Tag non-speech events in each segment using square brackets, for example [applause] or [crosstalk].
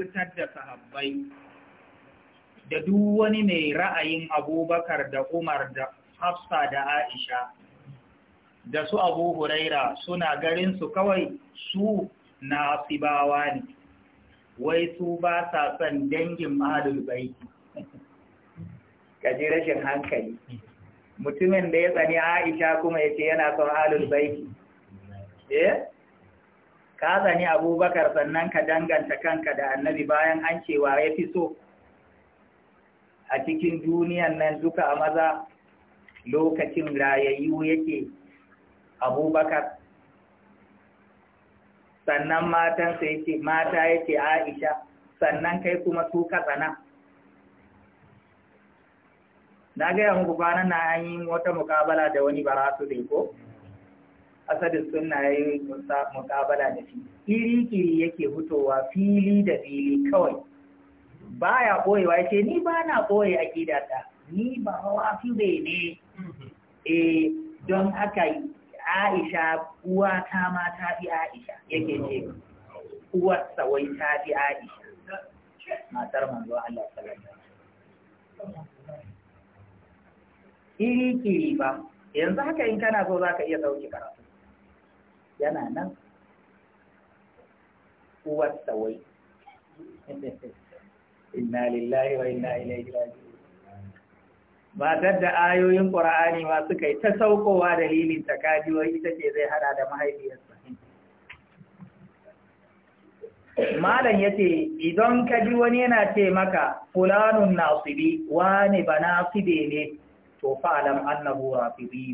kafirtar da sahabbai da duk wani mai ra'ayin abubakar da umar da hafsa da aisha da su abu huraira suna garinsu kawai su na sibawa ne wai su ba sa son dangin mahalul baiki rashin hankali mutumin da ya tsani aisha kuma ya ce yana son halul eh ka zane abubakar sannan ka danganta kanka da annabi bayan an cewa ya fi so a cikin duniyan nan duka a maza lokacin rayayyu yake abubakar sannan matansa yake mata yake aisha sannan kai kuma su katsana na gaya muku kwanan na an wata mukabala da wani baratu da ko? asadin suna yin yi da shi kiri-kiri yake fitowa fili da fili kawai baya ɓoyewa ya ce ni ba na ɓoye a gidata ni ba hawa bai ne e don haka aisha uwata ma ta fi aisha yake ce uwarsa wai ta fi aisha matar manzo Allah sallallahu alaihi kiri ba yanzu haka in kana so zaka iya sauke karatu yana nan uwar wai [laughs] inna lillahi wa inna ilaihi raji'un matar da ayoyin qur'ani ma suka yi ta saukowa dalilin ta kajiwa ita ce zai hada da mahaifiyarsa malam yace idan ka ji wani yana ce maka fulanun nasibi wani ba nasibe ne to fa'alam annahu rafidi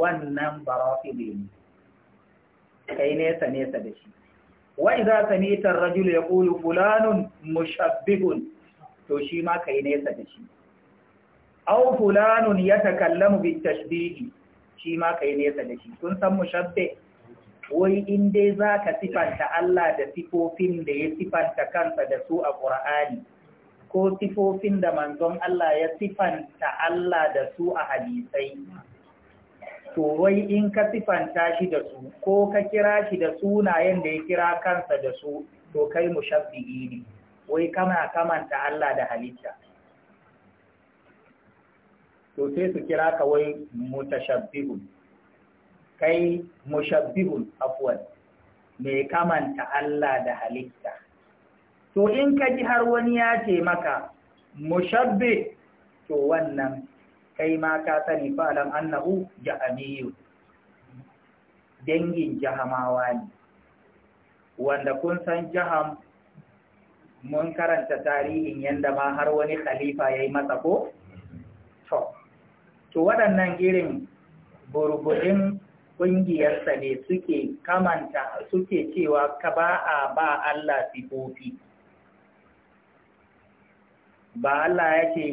wannan ba rafidi ne kai nesa nesa da shi wa idza samita ar-rajulu yaqulu fulanun mushabbihun to shi ma kai nesa da shi aw fulanun yatakallamu bitashbihi shi ma kai nesa da shi kun san mushabbi wai in dai zaka sifanta Allah da sifofin da ya sifanta kansa da su a Qur'ani ko sifofin da manzon Allah ya sifanta Allah da su a hadisai to wai in ka sifanta shi da su ko ka kira shi da sunayen da ya kira kansa da su to kai mushabbihi ne wai kana kamanta Allah da halitta to sai su kira ka wai mutashabbihun kai mushabbihun afwan me kamanta Allah da halitta to in ka ji har wani ya ce maka mushabbi to wannan kai ma ka sani fa'alan annahu ja'amiyu dangin jahamawa ne wanda kun san jaham mun karanta tarihin yanda ma har wani khalifa yayi masa ko to to waɗannan irin burbudin ƙungiyarsa ne suke kamanta suke cewa ka ba a ba Allah sifofi ba Allah ya ce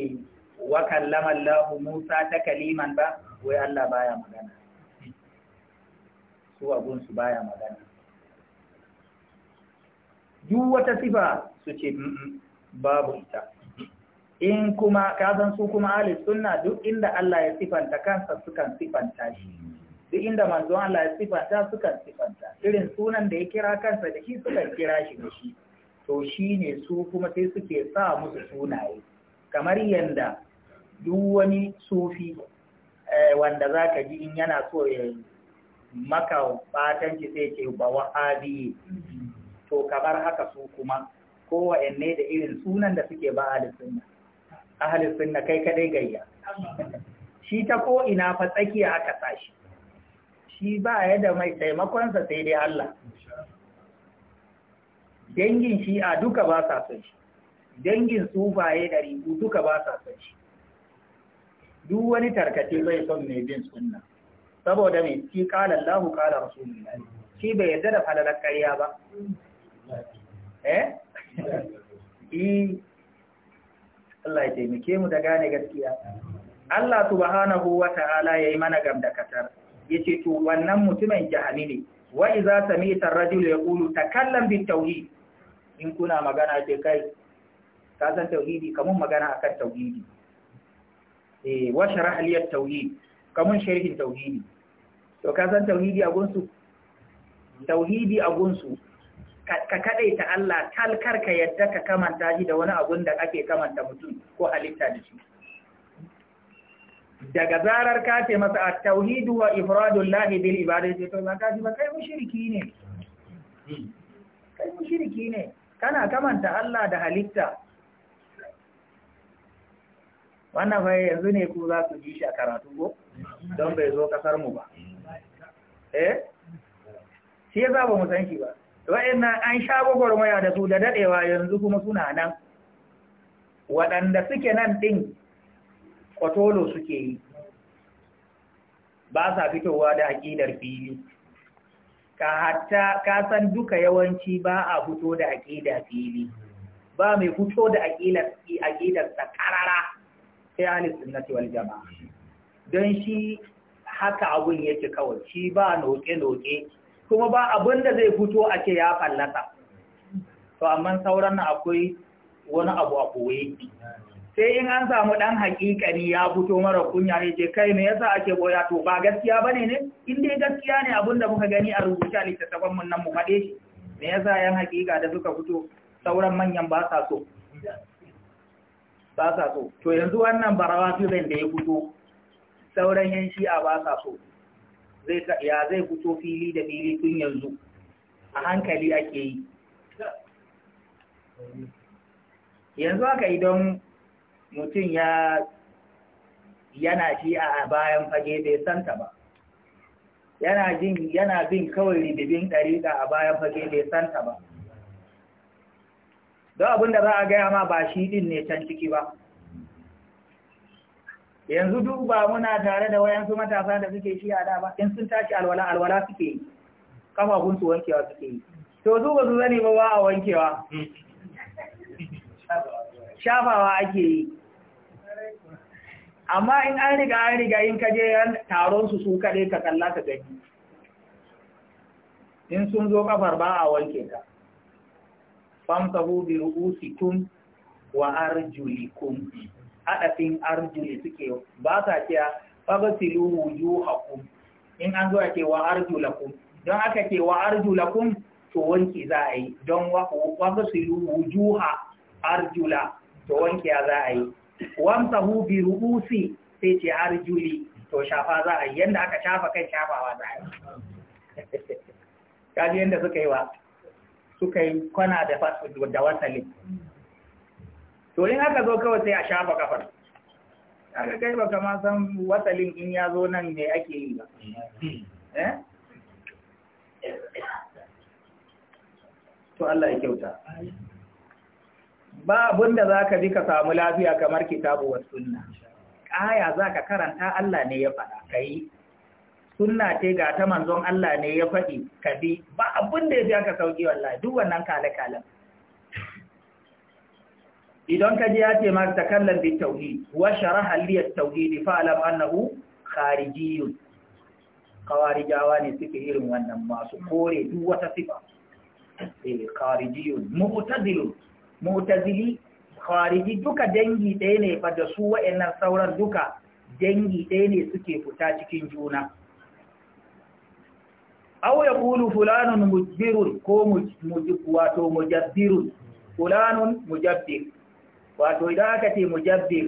wa kallama Allah Musa ta kaliman ba wai Allah baya magana su abun su baya magana duk wata sifa su ce babu ita in kuma kasan su kuma ahli sunna duk inda Allah ya sifanta kansa sukan sifanta shi duk inda manzon Allah ya sifanta sukan sifanta irin sunan da ya kira kansa da shi sukan kira shi da shi to shi ne su kuma sai suke sa musu sunaye kamar yadda duk wani sufi eh, wanda za ka ji in yana so ya maka batanci sai ce ba wahabi to kamar haka su kuma kowanne da irin sunan da suke ba ahli sunna ahli kai kadai gayya shi ta ko fa tsakiya aka sashi shi ba yadda da mai taimakonsa sai dai Allah dangin shi a duka ba sa son shi dangin sufaye da rigu duka ba sa son shi duk wani tarkace bai son mai bin sunna saboda mai shi kala Allah kala Rasulullah shi bai yarda da falalar ƙarya ba eh [laughs] Allah ya taimake mu da gane gaskiya Allah subhanahu wa ta'ala yayi mana gamdakatar yace to wannan mutumin jahani ne wa idza sami'ta ar-rajulu yaqulu takallam bit tauhid in kuna magana ce kai ka san tauhidi kamun magana akan tauhidi eh wa sharh li at-tauhid kamun sharhin tauhidi to ka san tauhidi a gunsu tauhidi a gunsu ka ta Allah talkar ka yadda ka kamanta shi da wani abun da ake kamanta mutum ko halitta da shi daga zarar ka ce masa at-tauhidu wa ifradullahi bil ibadati to ka ji ba kai mushriki ne hmm. kai mushriki ne kana kamanta Allah da halitta wannan bai yanzu ne ku za su ji shi a karatu ko don bai zo kasar ba eh shi ya ba mu san shi ba wa'annan an sha gwagwarmaya da su da daɗewa yanzu kuma suna nan waɗanda suke nan ɗin kwatolo suke yi ba sa fitowa da aƙidar fili ka hatta ka san duka yawanci ba a fito da aƙidar fili ba mai fito da aƙidar tsakarara sai ahli sunnati wal jama'a don shi haka abun yake kawai shi ba noke-noke kuma ba abun da zai fito a ce ya fallata to amma sauran na akwai wani abu a koye sai in an samu dan hakikani ya fito mara kunya ne ce kai me yasa ake boya to ba gaskiya bane ne in dai gaskiya ne abun da muka gani a rubuta littattafan mun nan mu faɗe shi me yasa yan hakika da suka fito sauran manyan ba sa so ba sa so to yanzu wannan barawa filin da ya fito sauran yan shi'a ba sa so ya zai fito fili da fili tun yanzu a hankali ake yi yanzu haka idan mutum ya yana shi a bayan fage bai santa ba yana jin bin kawai ridibin ɗariƙa a bayan fage bai santa ba don abin da za a gaya ma ba shi din ne can ciki ba yanzu duk muna tare da wayansu matasa da suke shi a da ba in sun tashi alwala alwala suke yi kafafun su wankewa suke yi to su su zane ba ba a wankewa shafawa ake yi amma in an riga an riga in kaje taron su su kaɗai ka kalla ka gani in sun zo kafar ba a wanke ta famtahu bi ru'usikum wa arjulikum adafin arjuli suke ba sa cewa fabasilu wujuhakum in an zo ake wa arjulakum don aka ce wa arjulakum to wanki za a yi don fabasilu wujuha arjula to wanki za a yi famtahu bi ru'usi sai ce arjuli to shafa za a yi yadda aka shafa kai shafawa za a yi [laughs] kaji yadda suka yi wa suka yi kwana da fasfod da wasali to in aka zo kawai sai a shafa kafar aka kai ba ma san wasalin in ya zo nan ne ake yi ba eh? to Allah ya kyauta ba abinda za ka ji ka samu lafiya kamar kitabu wa sunna aya za ka karanta Allah ne ya faɗa ka yi sunna ce ga ta manzon Allah ne ya faɗi ka bi ba abin da ya fi aka sauki wallahi duk wannan kale kale idan ka ji ya ce maka takallan bi tauhid wa sharaha li at-tauhid fa alam annahu kharijiyun kawarijawa ne suke irin wannan masu kore duk wata sifa eh kharijiyun, mu'tazilun mu'tazili khariji duka dangi ɗaya ne fa da su wa'annan sauran duka dangi ɗaya ne suke fita cikin juna aw yaqulu fulanun mujbirun ko wato mujabbirun fulanun mujabbir wato idan aka ce mujabbir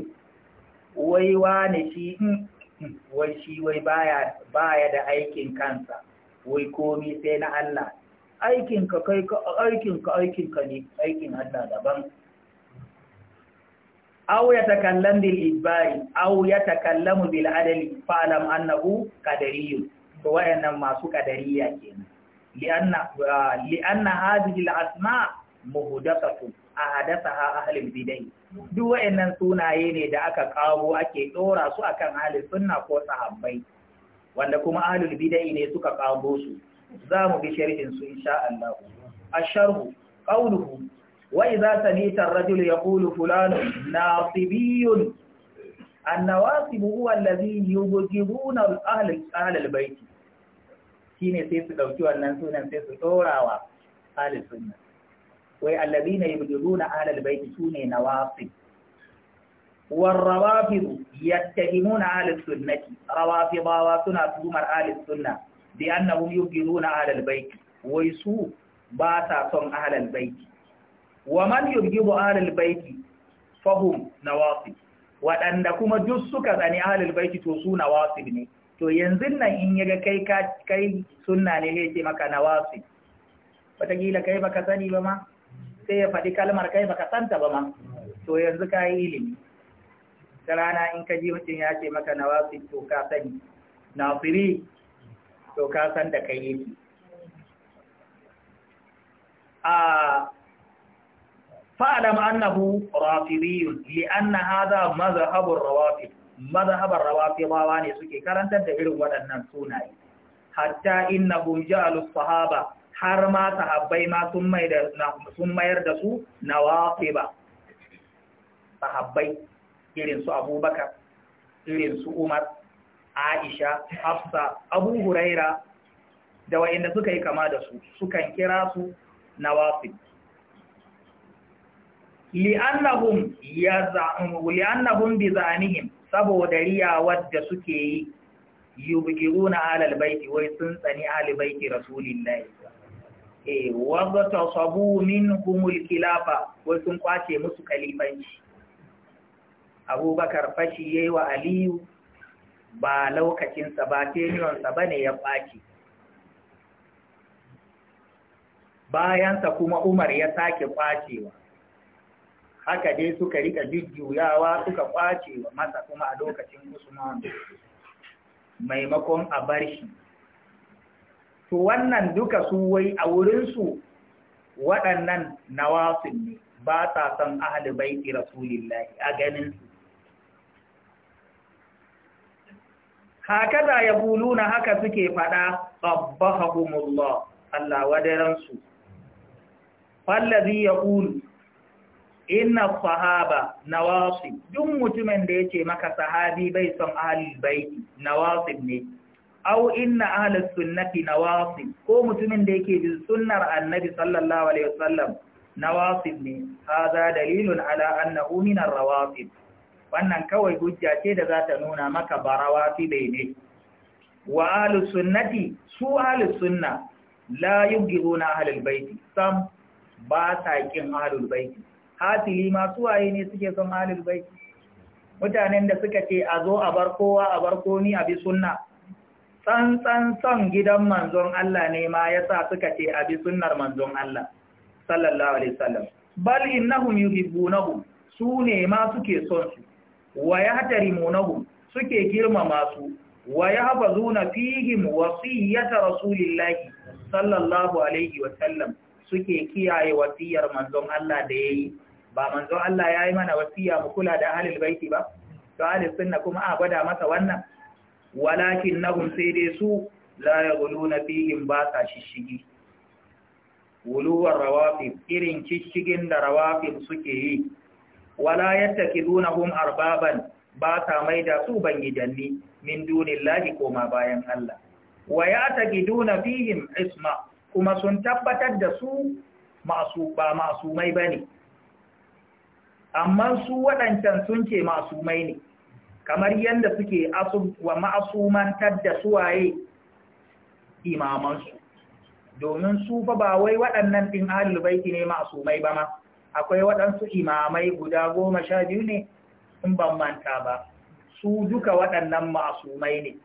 wai wane shi hmm, hmm, wai shi wai baya baya da aikin kansa wai komi sai na Allah aikin ka kai ka aikin ka aikin ka ne aikin Allah daban aw yatakallam bil ibari aw yatakallamu bil adli fa'lam annahu qadariyun to wayannan masu kadariya kenan li'anna li'anna hadhihi al-asma muhdathatun ahadathaha ahlul bid'ah duk wayannan sunaye ne da aka kawo ake dora su akan ahlus sunna ko sahabbai wanda kuma ahlul bid'ah ne suka kawo su zamu bi sharhin su insha Allah asharhu qawluhu wa idza samita ar-rajul yaqulu fulanun Nasibiyun! an-nawasib huwa alladhi yubghiduna ahl al-bayt ne sai su ɗauki wannan sunan sai su tsorawa ahli sunna wai na allazina yubghiduna ahlal baiti sune nawasib war rawafid yattahimuna ahlus sunnati bawa suna tuhumar ahlus sunna bi annahum na ahlal baiti wai su ba sa son ahlal baiti wa man yubghidu ahlal baiti fahum nawasib waɗanda kuma duk suka tsani ahlul baiti to su nawasib ne to yanzu nan in yaga kai ka kai sunna ne ne ce maka nawasi gila kai baka sani ba ma sai ya fadi kalmar kai baka santa ba ma to yanzu ka yi ilimi ta in ka ji mutum ya ce maka nawasi to ka sani nafiri to ka san da kai yake a fa'alam annahu rafidiyun li anna hadha mazhabur rawafid mazhabar rawafidawa ne suke karantar da irin waɗannan sunaye hatta innahum ja'alu sahaba har ma sahabbai ma sun mai da sun mayar da su nawafiba sahabbai irin su Abubakar irin su Umar Aisha Hafsa Abu Huraira da wa'inda suka yi kama da su sukan kira su nawafi li'annahum yaz'amu li'annahum bi zanihim saboda riya wadda suke yi yubqiruna na baiti wai sun tsani alal baiti rasulillahi eh wadda tasabu minhumul kilafa wai sun kwace musu kalifanci Abubakar fashi yayi wa Aliyu ba lokacin sa ba tenyon ba ne ya kwace Bayansa kuma Umar ya sake kwacewa haka dai suka rika jujjuyawa suka kwace wa masa kuma a lokacin usman maimakon a bar shi to wannan duka su wai a su waɗannan nawafin ne ba sa son ahli baiti rasulillahi a ganin su hakaza ya na haka suke fada qabbahumullah Allah wadaransu fallazi yaqulu inna sahaba nawasi duk mutumin da yake maka sahabi bai son ahli baiti nawasi ne aw inna ahli sunnati nawasi ko mutumin da yake bin sunnar annabi sallallahu alaihi wasallam nawasi ne hada dalilun ala annahu min arrawatib wannan kawai hujja ce da za ta nuna maka barawati bai ne wa ahli sunnati su ahli sunna la na ahlul baiti sam ba sa kin ahlul baiti hasili masu waye ne suke son halil bai mutanen da suka ce a zo a bar kowa a bar koni a bi sunna tsantsan son gidan manzon Allah ne ma yasa suka ce a bi sunnar manzon Allah sallallahu alaihi wasallam bal innahum yuhibbunahu su ne ma suke son su wa yahtarimunahum suke girmama su wa yahfazuna fihim wasiyata rasulillahi sallallahu alaihi wasallam suke kiyaye wasiyar manzon Allah da yayi ba manzo Allah ya yi mana wasiya mu kula da ahlul baiti ba to ahlus sunna kuma a gwada masa wannan walakin nahum sai dai su la yaghuluna fihim ba sa shishigi wuluwar rawafin irin shishigin da rawafin suke yi wala yattakidunahum arbaban ba sa maida su bangidanni min dunillahi koma bayan Allah wa yattakiduna fihim isma kuma sun tabbatar da su masu ba masumai bane amma su waɗancan sun ce masumai ne kamar yadda suke wa mantar da suwaye imamansu domin su fa ba wai waɗannan ɗin ahlul baiti ne masumai ba ma akwai waɗansu imamai guda goma sha biyu ne in ban manta ba su duka waɗannan masumai ne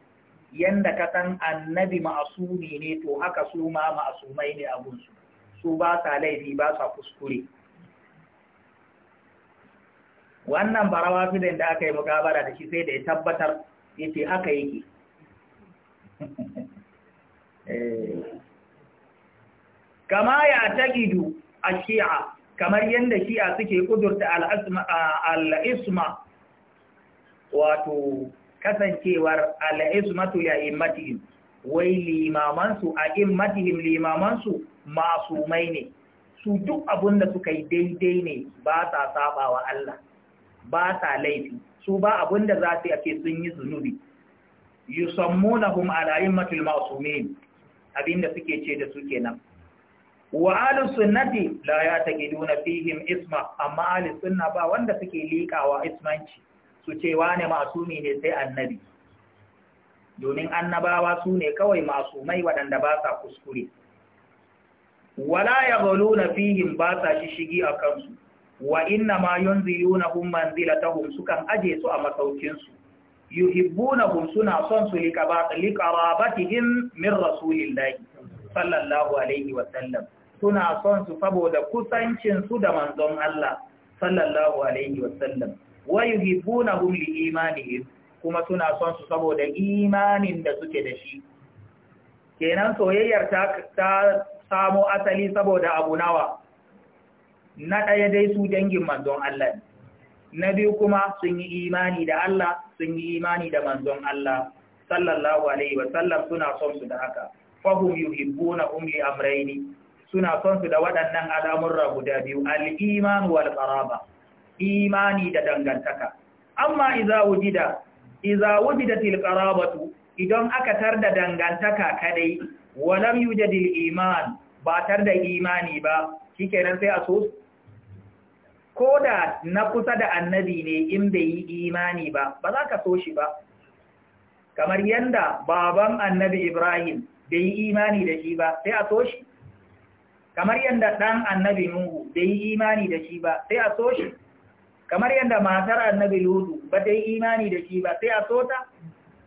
yadda ka san annabi ma'asumi ne to haka su ma mai ne a gunsu su ba sa laifi ba sa kuskure wannan barawa filin da aka yi mukabara da shi sai da ya tabbatar ya haka yake [laughs] eh. kama ya taƙidu a shi'a kamar yadda shi'a suke ƙudurta al'isma wato kasancewar al'ismatu ya immatihim wai limamansu a immatihim limamansu masumai ne su duk abin da suka yi daidai ne ba sa saba wa Allah ba sa laifi su ba abin da za su yi ake sun yi zunubi yusammunahum ala immatul ma'sumin da suke ce da suke nan. wa ahlus sunnati la na fihim isma amma ahlus sunna ba wanda suke liƙawa ismanci su ce wane masumi ne sai annabi domin annabawa su ne kawai masumai waɗanda ba sa kuskure wala ya na fihim ba sa shishigi a kansu wa inna ma hum manzilatahum sukan aje su a masaukin su yuhibbunahum suna son su liqarabatihim min rasulillahi sallallahu alaihi wa sallam suna son su saboda kusancin su da manzon Allah sallallahu alaihi wa sallam wa yuhibbunahum liimanihim kuma suna son su saboda imanin da suke da shi kenan soyayyar ta, ta samo asali saboda abu nawa na ɗaya dai su dangin manzon Allah ne na biyu kuma sun yi imani da Allah sun yi imani da manzon Allah sallallahu alaihi wa sallam suna son su da haka fahum na Umri Amraini suna son su da waɗannan al'amurra guda biyu al-iman wal imani da dangantaka amma iza wujida idza wujidatil idan aka da dangantaka kadai walam yujadil iman ba tar da imani ba kenan sai a so ko da na kusa da annabi ne in bai yi imani ba ba za ka so shi ba kamar yadda baban annabi Ibrahim bai yi imani da shi ba sai a so shi kamar yadda ɗan annabi Nuhu bai yi imani da shi ba sai a so shi kamar yadda matar annabi Lutu ba ta yi imani da shi ba sai a so ta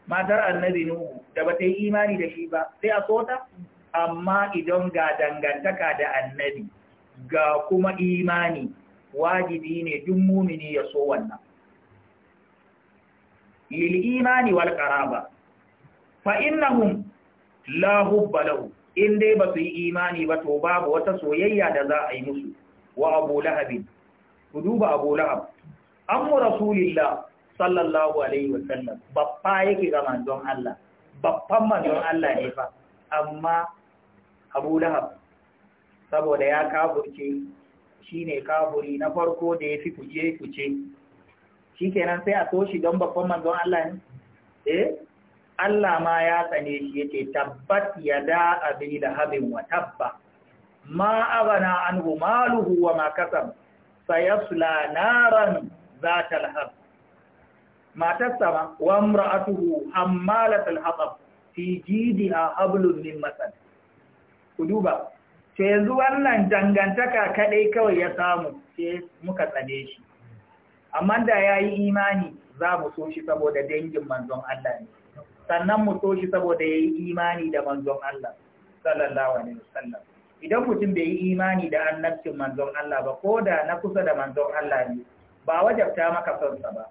matar annabi Nuhu da ba ta yi imani da shi ba sai a so ta amma idan ga dangantaka da annabi ga kuma imani wajibi ne duk mumini ya so wannan lil imani wal qaraba fa innahum la hubba lahu in dai ba su yi imani ba to babu wata soyayya da za a yi musu wa abu lahab ku duba abu lahab amma rasulullah sallallahu alaihi wa sallam babba yake ga manzon Allah babban manzon Allah ne fa amma abu lahab saboda ya kafurce Shi ne kafuri na farko da ya fi kuce kuce shi kenan sai a toshi don babban manzon Allah ne eh Allah ma ya tsane shi yake tabbat yada da habin wa tabba ma abana anhu maluhu wa ma kasab sayasla naran zatal hab matarsa ma wa imra'atuhu hammalatul hatab fi jidiha hablum min masad ku duba ce yanzu wannan dangantaka kaɗai kawai ya samu ce muka tsane shi amma da ya yi imani za mu so shi saboda dangin manzon Allah ne sannan mu so shi saboda ya yi imani da manzon Allah sallallahu alaihi wasallam idan mutum bai yi imani da annabcin manzon Allah ba ko da na kusa da manzon Allah ne ba wajabta maka sonsa ba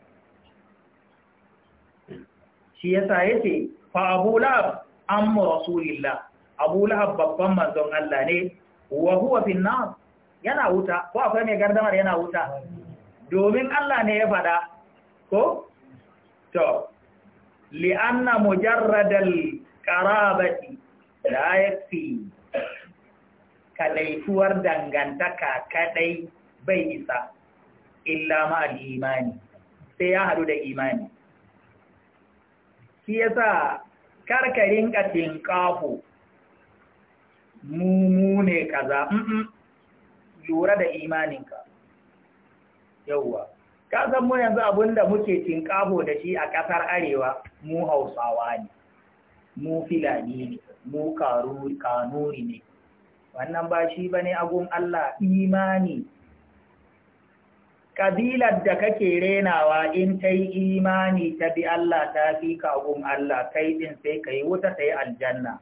shi yasa yace fa abu lab ammu rasulillah abu lahab babban manzon Allah ne wa huwa fi nar yana wuta ko akwai mai gardamar yana wuta domin Allah ne ya faɗa ko to li'anna mujarradal qarabati la yakfi tuwar dangantaka kadai bai isa illa ma imani sai ya hadu da imani shi yasa karkarin katin kafo mu ne kaza lura da imaninka yauwa ka san mu yanzu abinda muke tinkabo da shi a ƙasar arewa mu hausawa ne mu filani ne mu kanuri ne wannan ba shi ba ne agun Allah imani ƙabilar da kake renawa in ta yi imani ta bi Allah ta fi ka agun Allah kai din sai ka yi wuta sai aljanna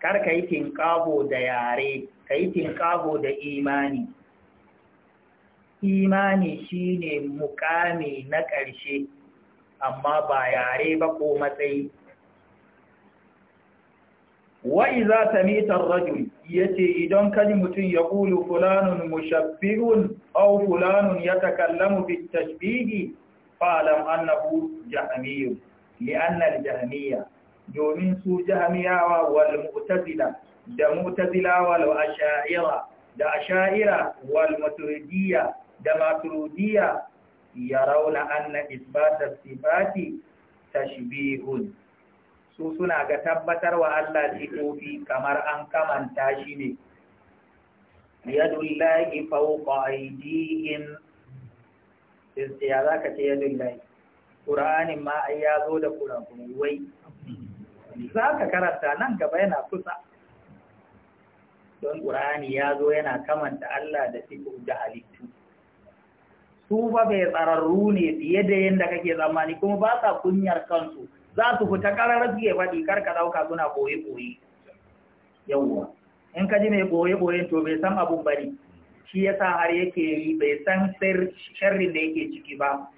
kar ka yi tinƙaho da yare ka yi da imani imani shine mukami na ƙarshe amma ba yare ba ko matsayi wa'iza ta mitar rajul ya ce idan kaji mutum ya ƙulu fulanun mushabbirun au fulanun ya takallamu fi tashbihi falam annahu jahamiyu li'annal jahamiya domin su jami'awa wal mu'tazila da mu'tazila wal asha'ira da asha'ira wal maturidiyya da maturidiyya yarawna anna isbata sifati tashbihun su suna ga tabbatar wa Allah sifofi kamar an kamanta shi ne yadullahi fawqa aydihim ya zaka ce yadullahi qur'ani ma ai ya zo da kurakurai wai za ka karanta nan gaba yana kusa don ƙur'ani ya zo yana kamanta Allah da siku da halittu su ba bai tsararru ne fiye da yadda kake zamani kuma ba sa kunyar kansu za su fita ƙarar su faɗi kar ka ɗauka suna ɓoye-ɓoye yawwa in ka ji mai ɓoye-ɓoyen to bai san abun bari shi yasa har yake yi bai san sharrin da yake ciki ba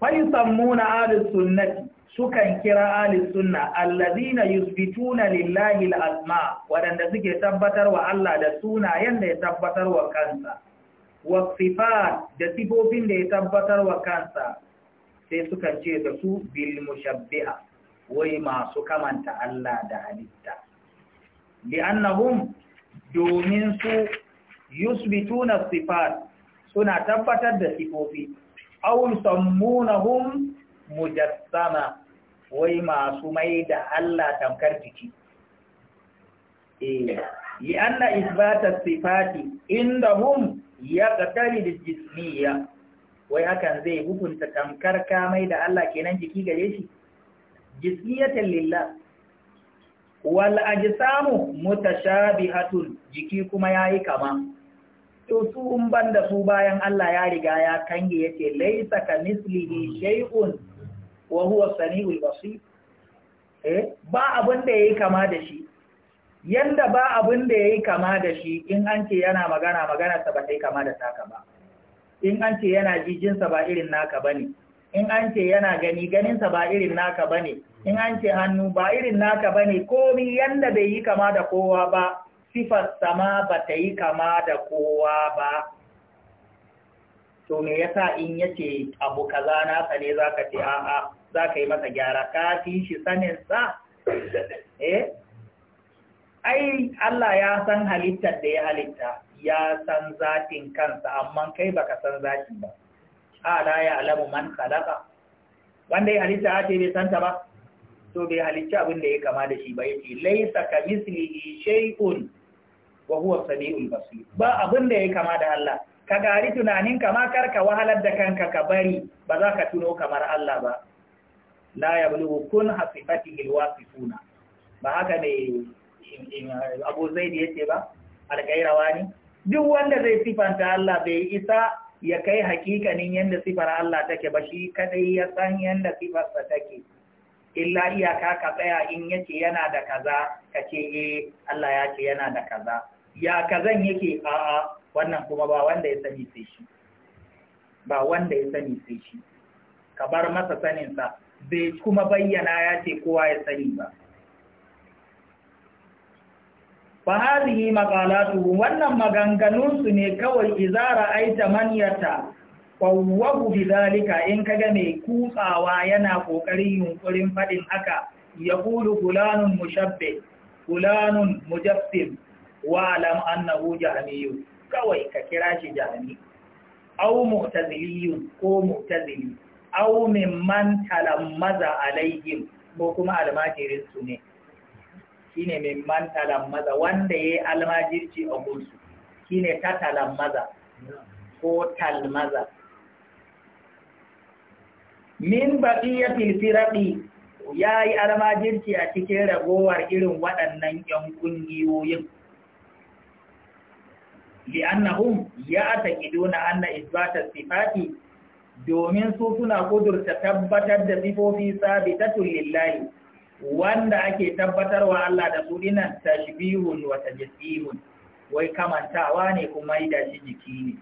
faisan muna alis sunnati sukan kira alis sunna allazina yusbituna lillahi al'asma waɗanda suke tabbatar wa Allah da suna yadda ya tabbatar wa kansa wa sifat da sifofin da ya tabbatar wa kansa sai sukan ce da su bil wai masu kamanta Allah da halitta li'annahum domin su yusbituna sifat suna tabbatar da sifofi aw yusammunahum mujassama wai masu mai da Allah tamkar jiki eh yi anna isbata sifati indahum yaqtali da jismiyya wai hakan zai hukunta tamkar kamai da Allah kenan jiki gare shi jismiyatan lillah wal ajsamu mutashabihatun jiki kuma yayi kama to su in ban da su bayan Allah ya riga ya kange ya ce laisa ka mislihi shay'un wa huwa sami'ul basir eh ba abin da yayi kama da shi yanda ba abin da yayi kama da shi in an ce yana magana magana sa ba tai kama da taka ba in an ce yana jijin sa ba irin naka bane in an ce yana gani ganin sa ba irin naka bane in an ce hannu ba irin naka bane komai yanda bai yi kama da kowa ba sifar sama ba ta yi kama da kowa ba to me yasa in yace abu kaza na tsane zaka ce a'a ka yi masa gyara ka fi shi sanin sa eh ai Allah ya san halittar da ya halitta ya san zatin kansa amma kai baka san zatin ba ala ya alamu man khalaqa wanda ya halitta a ce bai santa ba to bai halicci abin da ya kama da shi ba yace laysa kamislihi shay'un wa huwa sami'ul basir ba abin da ya kama da Allah ka gari tunanin kama karka wahalar da kanka ka bari ba za ka tuno kamar Allah ba la yablughu kun hasifatihi alwasifuna ba haka ne Abu Zaid yace ba algairawani duk wanda zai sifanta Allah bai isa ya kai hakikanin yanda sifar Allah take ba shi kadai ya san yanda sa take illa iyaka ka tsaya in yace yana da kaza kace eh Allah ya ce yana da kaza ya kazan yake a'a wannan kuma ba wanda ya sani sai shi ba wanda ya sani sai shi ka bar masa saninsa bai kuma bayyana ya ce kowa ya sani ba fa hadhihi maqalatuhu wannan maganganun su ne kawai izara aita man yata qawwahu bidalika in kaga mai kutsawa yana kokarin yunkurin fadin haka yaqulu fulanun mushabbih fulanun mujaffim wa alam annahu jahmiyyu kawai ka kira shi jahmi aw mu'taziliyyun ko mu'tazili aw mimman talammaza alaihim ko kuma almajirin su ne shine mimman talammaza wanda yayi almajirci a gunsu shine ta talammaza ko talmaza min baqiyatil firaqi yayi almajirci a cikin ragowar irin waɗannan 'yan ƙungiyoyin li'annahum ya'taqiduna anna isbata sifati domin su suna kudurta tabbatar da sifofi sabitatun lillahi wanda ake tabbatarwa Allah da su dinan tashbihun wa tajsihun wai kamantawa ne kuma yi da shi jiki ne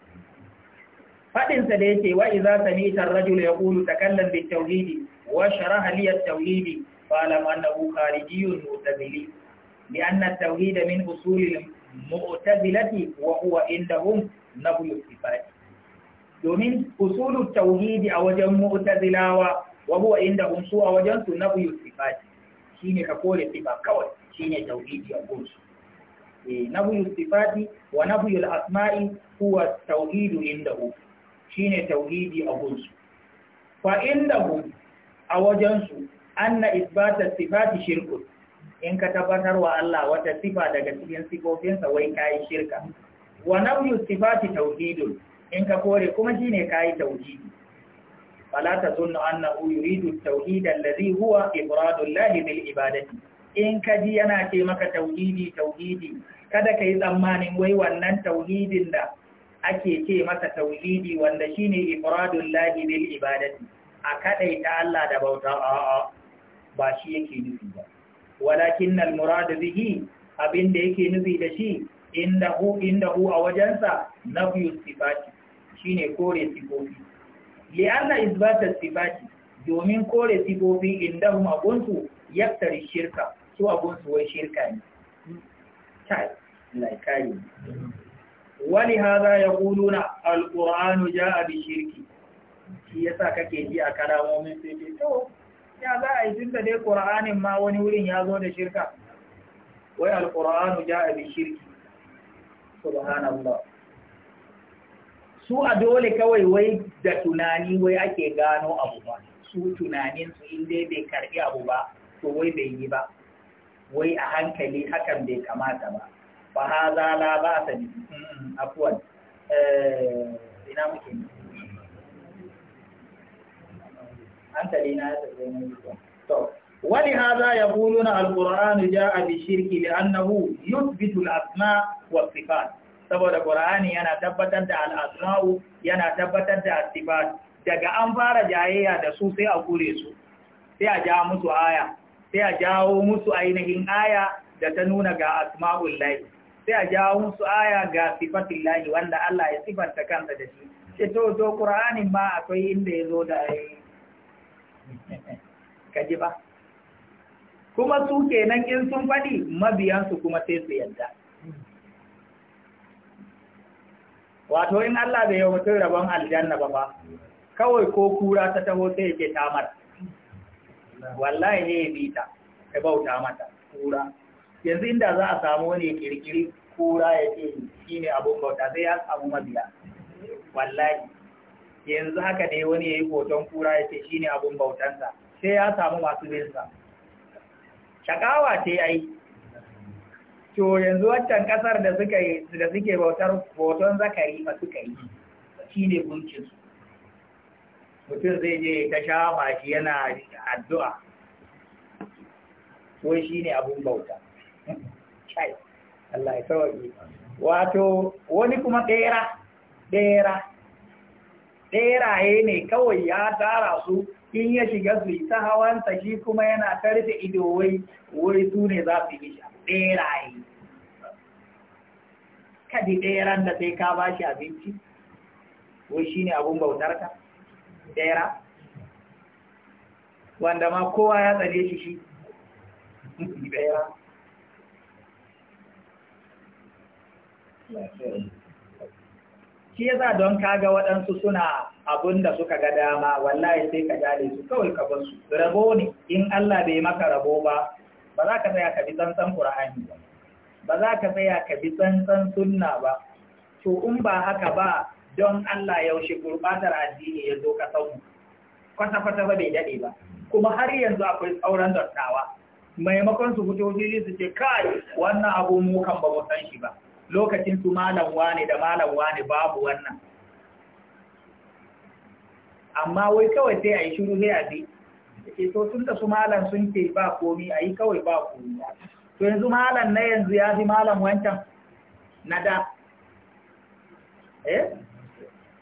faɗinsa da yake wa iza samita ar-rajulu yaqulu takallam Tauhidi, tawhid wa sharaha li at tawhid fa lam annahu kharijiyun mutabili bi anna at tawhid min usulil mu'tazilati wa huwa indahum nafyu sifati domin usulul tauhidi a wajen mu'tazilawa wa huwa indahum su a wajen su nafyu sifati shine ka kore sifa kawai shine tauhidi a gurin su eh, nafyu sifati wa nafyu al-asma'i huwa tauhidu indahu shine tauhidi a gurin su fa indahum a wajen su anna isbata sifati shirkun in ka tabbatar wa Allah wata sifa daga cikin sifofinsa wai kayi shirka wa nafyu sifati tauhidun in ka kore kuma shine kayi tauhidi fala tazunnu annahu yuridu tauhidan da zai huwa Ibrahim lahi bil ibadati in ka ji yana ce maka tauhidi tauhidi kada ka yi tsammanin wai wannan tauhidin da ake ce masa tauhidi wanda shine ifradul lahi bil ibadati a kadaita Allah da bauta a'a ba shi yake nufi ba ولكن المراد به bihi abin da yake nufi da shi inda hu a wajensa nafyu sifati shine kore sifofi anna isbata sifati domin kore sifofi indahum agunsu yaktari shirka su agunsu wai shirka ne tai laikari wali hada yaquluna al-qur'anu jaa bi shirki shi yasa kake ji a karamomin sai to ya za a yi tun dai ƙura'anin ma wani wurin ya zo da shirka wai alƙura'anu ja a shirki subhanallah su a dole kawai wai da tunani wai ake gano abu ba su tunaninsu in dai bai karɓi abu ba to wai bai yi ba wai a hankali hakan bai kamata ba ba ha za la ba ta afuwan eh, ina muke ne hankali na ya tafi na biyu to wani hada ya bulu na ja a bishirki da annahu yusbitul asma wa sifat saboda ƙur'ani yana tabbatar da al'asma'u yana tabbatar da sifat daga an fara jayayya da su sai a kure su sai a ja musu aya sai a jawo musu ainihin aya da ta nuna ga asma'ul lahi sai a jawo musu aya ga sifatin lahi wanda Allah ya sifanta kansa da shi ce to to ma akwai inda ya zo da [laughs] kaji ba kuma su kenan in sun faɗi mabiyansu kuma sai su yadda wato in Allah bai yau mutum rabon aljanna ba ba kawai ko kura ta taho sai yake tamar wallahi ne ya bi ta ya bauta mata kura yanzu inda za a samu wani kirkiri kura ya ce shi ne abin bauta zai ya samu mabiya wallahi yanzu haka ne wani ya yi hoton kura ya ce shi ne abin bautansa sai ya samu masu binsa shakawa ce ai to yanzu waccan kasar da suke bautar hoton zakari ma suka yi shi ne su mutum zai je ta sha shi yana addu'a ko shi ne abin bauta Allah ya sauƙi wato wani kuma ɗera ɗera ɓeraye ne kawai ya tara su in ya shiga su ta hawansa shi kuma yana karfe ido wai wuri su ne za su yi shi ɓeraye kadi ɗeran da sai ka ba shi abinci wai shi ne abin bautar ka ɗera wanda ma kowa ya tsare shi shi ɗera shi za don ga waɗansu suna abun da suka ga dama wallahi sai ka gane su kawai ka bar su rabo ne in Allah bai maka rabo ba ba za ka tsaya ka bi tsantsan Qur'ani ba ba za ka tsaya ka bi tsantsan sunna ba to in ba haka ba don Allah yaushe gurbatar addini ya zo ka samu kwata kwata ba bai dade ba kuma har yanzu akwai tsauran dattawa maimakon su fito fili su ce kai wannan abu mu kan ba mu san shi ba lokacin su malam wane da malam wane babu wannan amma wai kawai sai a yi shiru sai a bi ke to tun da su malam sun ce ba komi a yi kawai ba komi to yanzu malam na yanzu ya fi malam wancan na da eh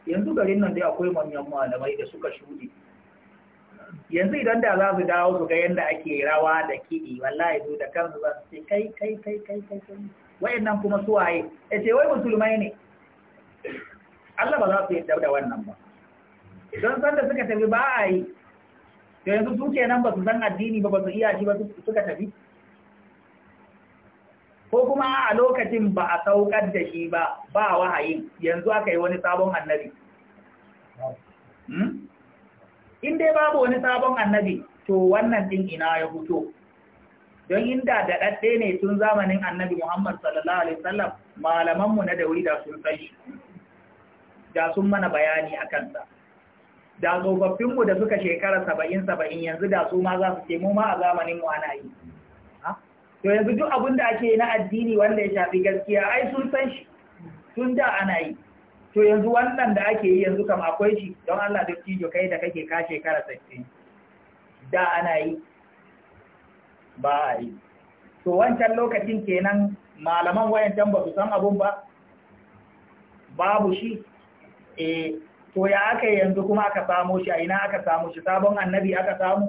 yanzu garin nan dai akwai manyan malamai da suka shuɗe yanzu idan da za su dawo su ga yadda ake rawa da kiɗi wallahi to da kansu za su ce kai kai kai kai kai kai wa'annan kuma suwaye ce wai musulmai ne Allah ba za su yadda da wannan ba don sanda suka tafi ba a yi to yanzu su kenan ba su san addini ba ba su iya shi ba suka tafi ko kuma a lokacin ba a saukar da shi ba ba wahayin yanzu aka yi wani sabon annabi hmm? in dai babu wani sabon annabi to wannan din ina ya fito don inda da ɗaɗɗe ne tun zamanin annabi Muhammad sallallahu Alaihi wasallam malamanmu na dauri da sun san shi, da sun mana bayani a kansa. Da tsofaffinmu da suka shekara saba'in saba'in yanzu da su ma za su ce mu ma a zamaninmu ana yi. To yanzu duk abin da ake na addini wanda ya shafi gaskiya ai sun san shi, tun da ana yi. To yanzu wannan da ake yi yanzu kam akwai shi don Allah duk cijo kai da kake ka shekara sabbin, Da ana yi, ba a yi to wancan lokacin kenan malaman wayancan ba su san abun ba babu shi eh to ya aka yanzu kuma aka samu shi a ina aka samu shi sabon annabi aka samu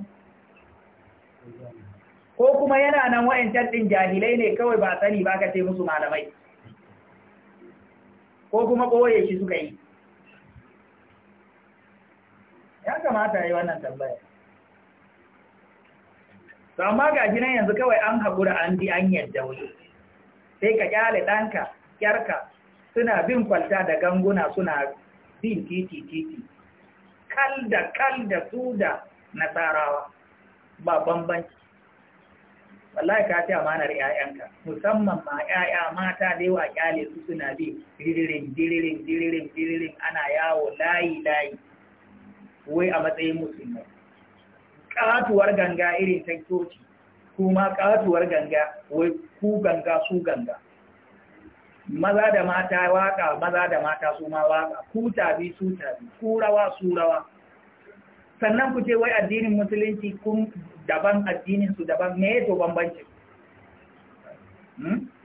ko kuma yana nan wayancan ɗin jahilai ne kawai ba sani ba ka ce musu malamai ko kuma ɓoye shi suka yi ya kamata yi wannan tambaya to amma ga shi nan yanzu kawai an haƙura an bi an yadda wani sai ka kyale ɗanka ƙyarka suna bin kwalta da ganguna suna bin titi-titi kal da kal da su da nasarawa ba bambanci wallahi ka ce amanar 'ya'yanka musamman ma 'ya'ya mata da yawa ƙyale su suna bi jiririn-jiririn jiririn jiririn ana yawo layi layi wai a matsayin musulmai katuwar ganga irin ta coci kuma katuwar ganga wai ku ganga su ganga maza da mata waka maza da mata su ma waka ku tabi su tabi ku rawa su rawa sannan ku ce wai addinin musulunci kun daban addinin su daban me to bambanci hmm?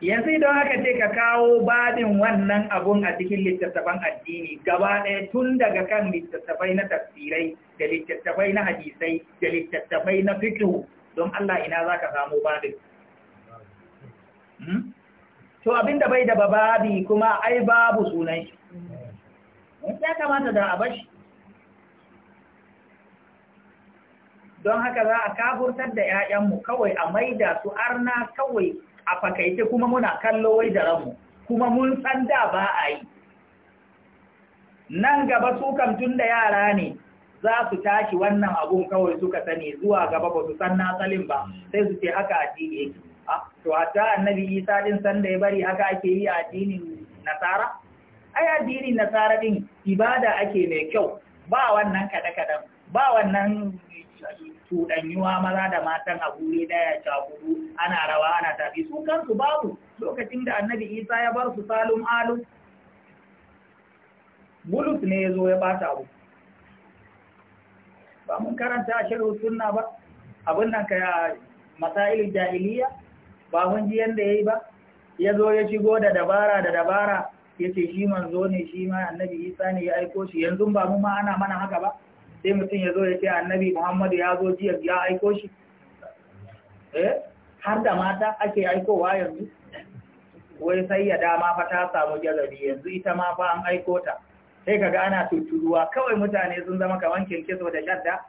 yanzu idan haka ce ka kawo babin wannan abun a cikin littattafan addini gaba ɗaya tun daga kan littattafai na tafsirai da littattafai na hadisai da littattafai na fikihu don Allah ina za ka samu babin hmm? to abin da bai da babi kuma ai babu sunan shi ya kamata da a shi. don haka za a kaburtar da 'ya'yanmu kawai a maida su arna kawai a fakaice kuma muna kallo wai da ranmu kuma mun san da ba a yi nan gaba su kam tun da yara ne za su tashi wannan abun kawai suka sani zuwa gaba ba su san nasalin ba sai su ce haka addini yake to hatta annabi isa din san da ya bari haka ake yi a addinin nasara ai addinin nasara din ibada ake mai kyau ba wannan kada-kadan ba wannan cuɗanyuwa maza da matan a guri ɗaya cakudu ana rawa ana tafi su kansu babu lokacin da annabi isa ya bar su salum Alu. bulus ne ya zo ya bata abu ba mun karanta a shirin sunna ba abin nan ka masailin jahiliya ba mun ji yanda ya yi ba ya zo ya shigo da dabara da dabara ya ce shi manzo ne shi ma annabi isa ne ya aiko shi yanzu ba mu ma ana mana haka ba sai mutum ya zo ya ce annabi muhammadu ya zo jiya ya aiko shi eh har da mata ake aikowa yanzu wai sai ya dama fa ta samu gyarari yanzu ita ma fa an aiko ta sai kaga ana tuturuwa kawai mutane sun zama kaman kirkiso da shadda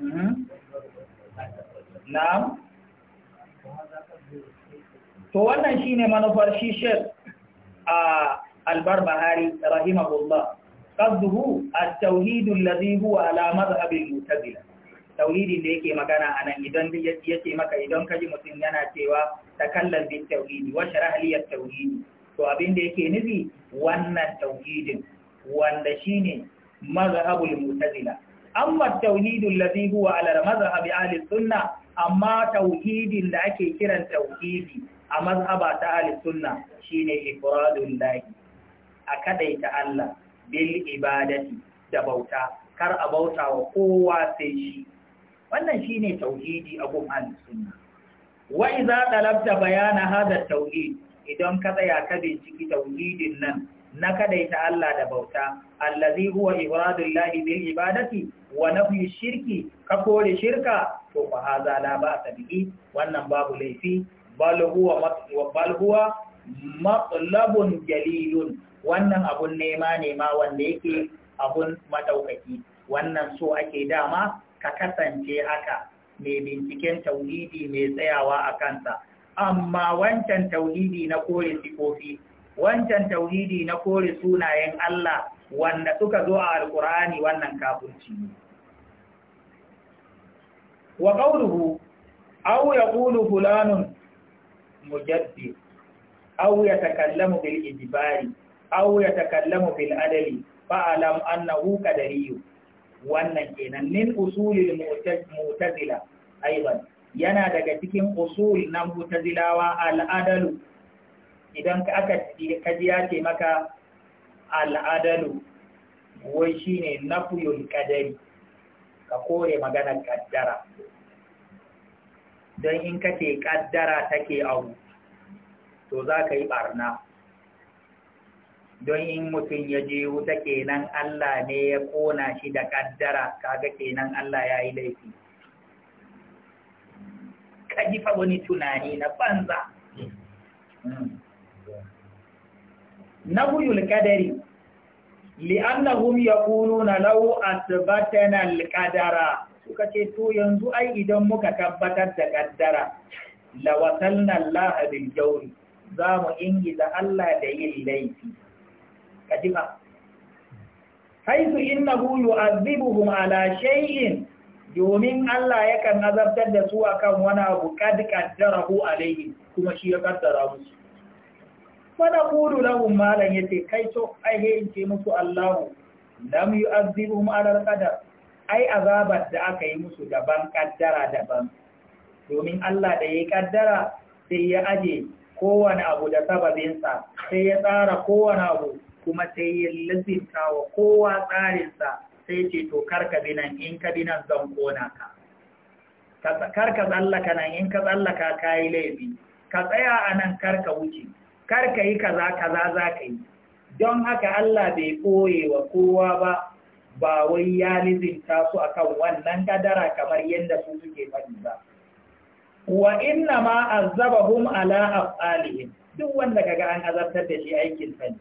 mhm. Na'am to wannan shi ne manufar shi shek a albar bahari rahimahullah Ƙazduhu a tauhidun alladhi huwa alamar abin mutabila. tauhidin da yake magana a nan idan yake maka idan kaji mutum yana cewa kallon bin tauhidi wa sharah tauhidi to abin da yake nufi wannan tauhidin wanda shi shine madhhabul mu'tazila amma Tauhidun Lazihu huwa ala ahli sunna amma tauhidin da ake kiran tauhidi a mazhaba ta al-sunna shine ifradul lahi a kadaita Allah bil ibadati da bauta kar a bauta wa kowa sai shi wannan shine tauhidi a gun al-sunna wa idza talabta bayana hada tauhid idan ka tsaya ka binciki tauhidin nan na kadaita Allah da bauta allazi huwa ifradul lahi bil ibadati wa nafyi shirki ka kore shirka to fa haza la ba ta bihi wannan babu laifi bal huwa bal matlabun jalilun wannan abun nema nema wanda yake abun madaukaki wannan so ake dama ka kasance haka mai binciken tauhidi mai tsayawa a kansa amma wancan tauhidi na kore sifofi wancan tauhidi na kore sunayen Allah wanda suka zo a alkur'ani wannan kafirci ne wa qawluhu aw yaqulu fulanun mujaddid aw yatakallamu bil ijbari aw yatakallamu bil adali fa'alam annahu qadariyyu wannan kenan min usulil mu'tazila aidan yana daga cikin usul na mu'tazilawa al'adalu idan aka kaji ce maka al'adalu wai shine nafiyul ƙadari. ka kore maganar kaddara don in kace kaddara take abu to za ka yi barna don in mutum ya je wuta kenan Allah ne ya kona shi da kaddara kaga kenan Allah ya yi laifi ka jifa wani tunani na banza hmm. na huyul kadari li'annahum yaquluna law asbatana al-qadara suka ce to yanzu ai idan muka tabbatar da kaddara lawasalna Allah bil jawri za mu ingiza Allah da yin laifi kajiba haisu innahu yu'adhibuhum ala shay'in domin Allah yakan azabtar da su akan wani abu kad kaddarahu alayhi kuma shi ya kaddara musu fana kudu lahun malam ya ce kai to ai in musu Allahu lam yu'azzibhum ala al ai azabar da aka yi musu daban kaddara daban domin Allah da yayi kaddara sai ya aje kowane abu da sababinsa sai ya tsara kowane abu kuma sai ya lizinta wa kowa tsarinsa sai ce to karka bi nan in ka bi nan zan kona ka karka tsallaka nan in ka tsallaka kayi laifi ka tsaya anan nan karka wuce kar ka yi kaza kaza za ka yi don haka Allah bai ɓoye wa kowa ba ba wai ya lizinta su kan wannan kadara kamar yadda su suke faɗi ba wa inna ma azabahum ala af'alihim duk wanda kaga an azabtar da shi aikin sa ne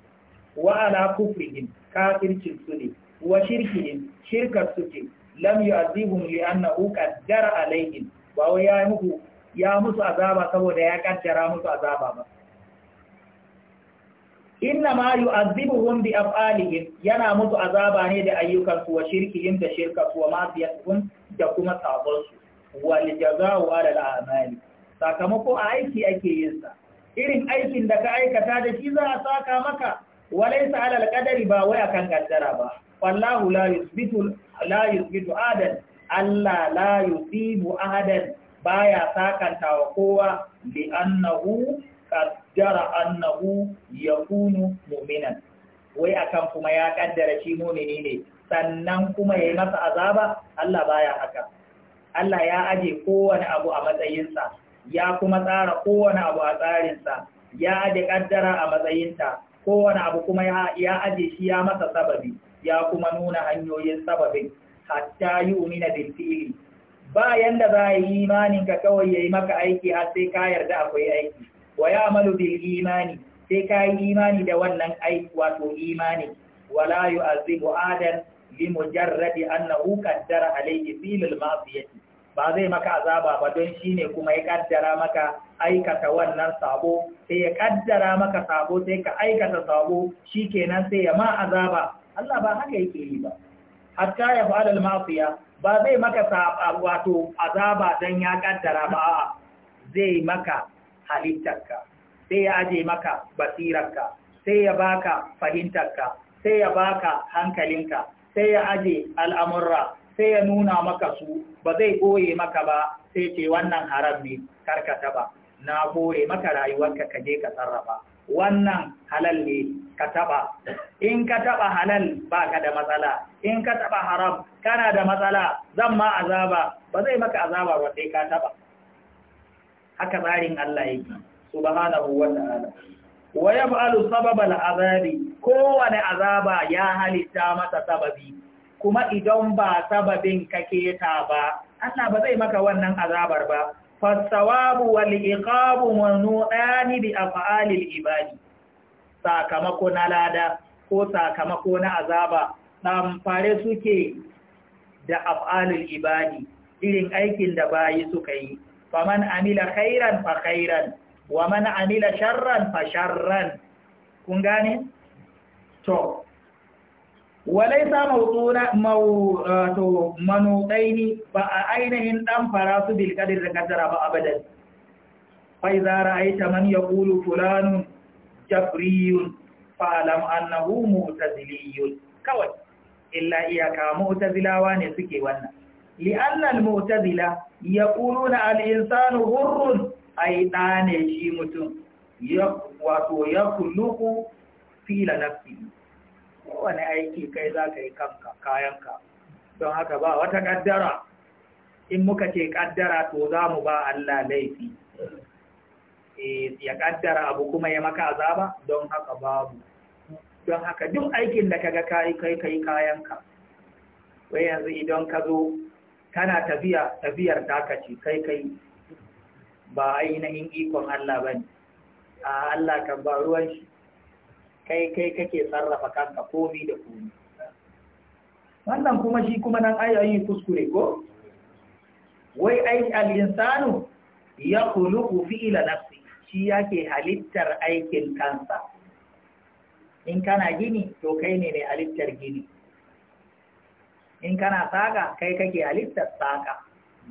wa ala kufrihim kafircin su ne wa shirkihim shirkar su ce lam yu'azibum li annahu qaddara alaihim ba wai ya muku ya musu azaba saboda ya kaddara musu azaba ba inna ma yu'adhibuhum a falihin, yana mutu azaba ne da ayyukansu wa shirkihim da shirkansu wa ma'siyatihim da kuma sabonsu, su da jazaa'u sakamako a aiki ake yin sa irin aikin da ka aikata da shi za a saka maka walaysa 'ala al-qadari ba wai akan kaddara ba wallahu la yusbitu adan Allah la yusibu ahadan baya sakanta wa kowa bi annahu qaddara annahu yakunu mu'minan wai akan kuma ya kaddara shi mu'mini ne sannan kuma yayi masa azaba Allah baya haka Allah ya aje kowane abu a matsayinsa ya kuma tsara kowane abu a tsarinsa ya aje kaddara a matsayinta kowane abu kuma ya aje shi ya masa sababi ya kuma nuna hanyoyin sababin hatta yu'mina bil fi'li ba yanda za a yi imaninka kawai yayi maka aiki har sai ka yarda akwai aiki wa ya'malu bil imani sai kai imani da wannan ai wato imani wala yu'azibu adan bi mujarradi annahu qaddara alayhi fil ma'siyati ba zai maka azaba ba don shine kuma ya kaddara maka aikata wannan sabo sai ya kaddara maka sabo sai ka aikata sabo shikenan sai ya ma azaba Allah ba haka yake yi ba hatta ya fa'al al-ma'siya ba zai maka wato azaba dan ya kaddara ba zai maka halittarka sai ya aje maka basirarka sai ya baka fahimtarka sai ya baka hankalinka sai ya aje al'amurra sai ya nuna maka su ba zai goye maka ba sai ce wannan haram ne karkata ba na kore maka rayuwarka ka je ka sarrafa wannan halal ne ka taba in ka taba halal ba ka da matsala in ka taba haram kana da matsala zan ma azaba ba zai maka azaba ba sai ka taba haka tsarin Allah yake subhanahu wa ta'ala wa yaf'alu sababal azabi kowane azaba ya halitta masa sababi kuma idan ba sababin kake ta ba Allah ba zai maka wannan azabar ba fasawabu wal iqabu manudani bi af'alil ibadi sakamako na lada ko sakamako na azaba fare suke da af'alul ibadi irin aikin da bayi suka yi faman amila khairan fa khairan wa man amila sharran fa sharran kun gane to walaisa mawduna maw to manudaini ba a ainihin ɗan farasu bil qadar da kadara ba abadan fa idza ra'aita man yaqulu fulanun jabriyun fa'alam annahu mu'taziliyun kawai illa iyaka mu'tazilawa ne suke wannan li'anna al-mu'tazila yaquluna al-insanu hurrun ai ɗane shi mutum wato ya kulluku fila nafi wani aiki kai za ka yi kanka kayanka don haka ba wata ƙaddara in muka ce ƙaddara to zamu ba Allah laifi ya ƙaddara abu kuma ya maka azaba don haka babu don haka duk aikin da kaga kai kai kai kayanka wai yanzu idan ka zo kana tafiya tafiyar taka ce kai kai ba ainihin ikon Allah ba ne a Allah kan ba ruwan shi kai kai kake sarrafa kanka komi da komi wannan kuma shi kuma nan ayoyin kuskure ko wai ai al-insanu ya khuluqu ila nafsi shi yake halittar aikin kansa in kana gini to kai ne ne halittar gini in kana saƙa kai kake halittar saƙa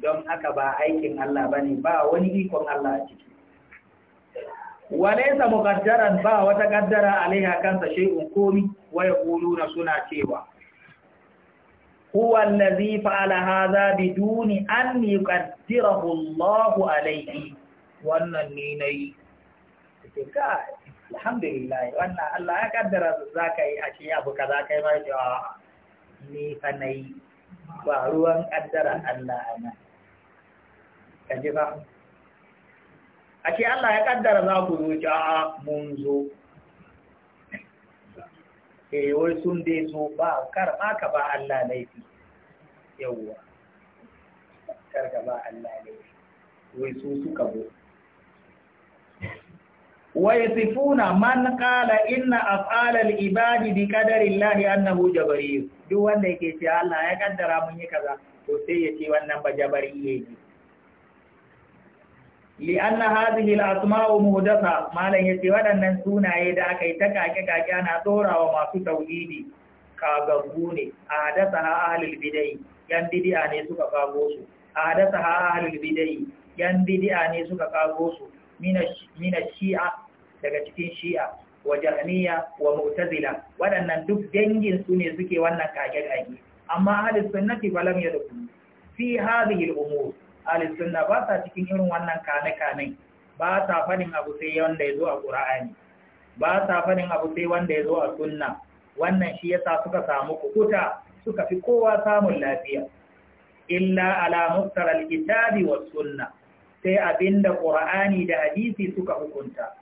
don haka ba aikin Allah ba ne ba wani ikon Allah a ciki walaisa muqaddaran ba wata kaddara alaiha kansa shay'un komi wa yaquluna suna cewa huwa allazi fa'ala hadha biduni an yuqaddirahu Allahu alayhi wannan ne nayi alhamdulillah wannan Allah ya kaddara zaka yi a shi abu kaza kai ma ni fa na yi ba ruwan ƙaddara Allah ana ka ji ba a ce Allah ya ƙaddara za ku zo a mun zo eh wai sun dai zo ba kar ka ba Allah laifi yawwa ka ba Allah laifi wai su suka zo ويصفون من قال إن أفعال العباد بقدر الله أنه جبري duk wanda yake ce Allah ya kaddara mun yi kaza to sai ya ce wannan ba jabariye ne li anna hadhihi al asma'u muhdatha malan yace waɗannan sunaye da aka ta kake kake ana dorawa masu tauhidi kagaggu ne ahdathaha ahlul bid'ah yan bid'a ne suka kago su ahdathaha ahlul bid'ah yan bid'a ne suka kago su mina shi'a daga cikin shi'a wa jahmiya wa mu'tazila waɗannan duk dangin su ne suke wannan kage-kage amma ahlus sunnati fa lam yadkhulu fi hadhihi al-umur ahli sunna ba sa cikin irin wannan kane-kane ba sa fadin abu sai wanda yazo a qur'ani ba sa fadin abu sai wanda yazo a sunna wannan shi yasa suka samu kukuta suka fi kowa samun lafiya illa ala muftar al-kitabi was sunna sai abinda qur'ani da hadisi suka hukunta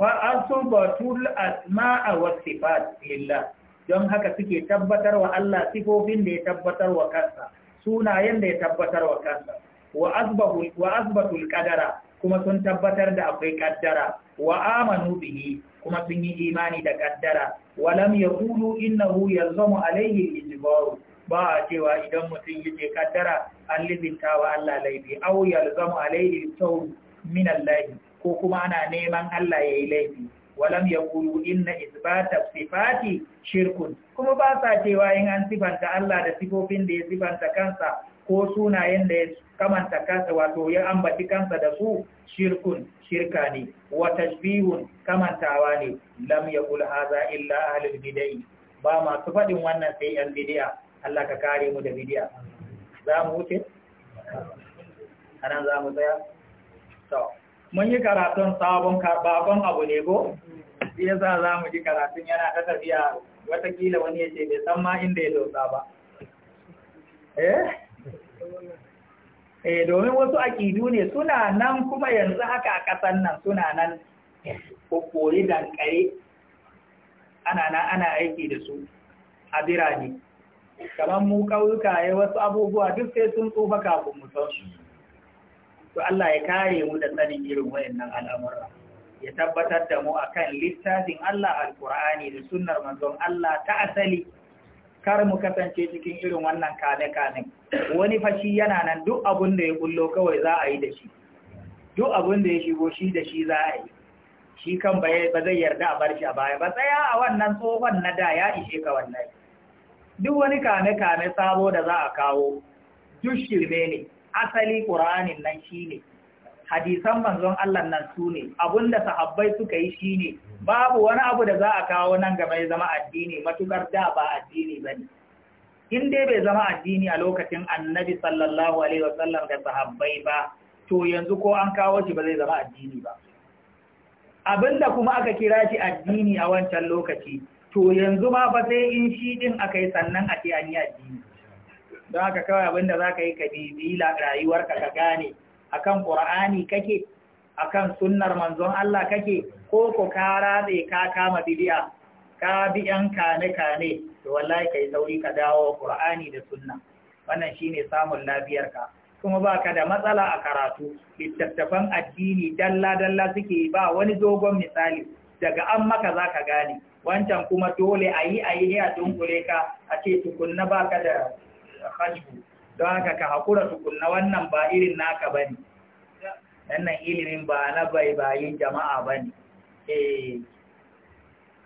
fa'asubatul asma'a wa sifat lillah don haka suke tabbatar wa Allah sifofin da ya tabbatar wa kansa sunayen da ya tabbatar wa kansa wa asbahu wa asbatul qadara kuma sun tabbatar da akwai ƙaddara, wa amanu bihi kuma sun yi imani da qaddara wa lam yaqulu innahu yalzamu alayhi al-ijbar ba a cewa idan mutum yace ƙaddara, an libinta wa Allah laifi aw yalzamu alayhi al-sawm min Allah ko kuma ana neman Allah ya yi laifi walam ya kulu inna isbata sifati shirkun kuma ba sa cewa in an sifanta Allah da sifofin da ya sifanta kansa ko sunayen da ya kamanta kansa wato ya ambaci kansa da su shirkun shirka ne wa tashbihun kamantawa ne lam yaqul haza illa ahlul bid'ah ba masu faɗin wannan sai yan bid'a Allah ka kare mu da bid'a za mu wuce anan za mu tsaya to mun yi karatun sabon karbabon abu ne ko shi sa za mu ji karatun yana ta tafiya watakila wani ya ce bai san ma inda ya dosa ba eh eh domin wasu akidu ne suna nan kuma yanzu haka a kasan nan suna nan kokori dankare ana nan ana aiki da su a birane kamar mu ƙauyuka ya wasu abubuwa duk sai sun tsufa kafin mu to Allah ya kare mu da sanin irin wayannan al'amura ya tabbatar da mu akan littafin Allah alqur'ani da sunnar manzon Allah ta asali kar mu kasance cikin irin wannan kane-kane wani fashi yana nan duk abin da ya bullo kawai za a yi da shi duk abin da ya shigo shi da shi za a yi shi kan ba zai yarda a bar shi a baya ba tsaya a wannan tsohon na da ya ishe ka wannan duk wani kane kane sabo da za a kawo duk shirme ne asali ƙur'anin nan shi ne hadisan manzon Allah nan su ne abinda sahabbai suka yi shi ne babu wani abu da za a kawo nan gaba ya zama addini matukar da ba addini ba ne in dai bai zama addini a lokacin annabi sallallahu alaihi wasallam da sahabbai ba to yanzu ko an kawo shi ba zai zama addini ba abinda kuma aka kira shi addini a wancan lokaci to yanzu ma ba sai in shi din aka yi sannan a ce an yi addini don haka kawai abinda za ka yi ka bibi rayuwarka ka gane A kan ƙura'ani kake kan sunnar manzon Allah kake ko ko ka rabe ka kama bidiya ka bi yan kane kane da wallahi ka yi sauri ka dawo ƙura'ani da sunna wannan shi ne samun lafiyarka kuma ba ka da matsala a karatu littattafan addini dalla dalla suke ba wani dogon misali daga an maka za ka gane wancan kuma dole a yi a yi a dunkule ka a ce tukunna ba ka da khashbu don haka ka haƙura tukunna wannan ba irin naka ba ne wannan ilimin ba na baibayin jama'a ba ne eh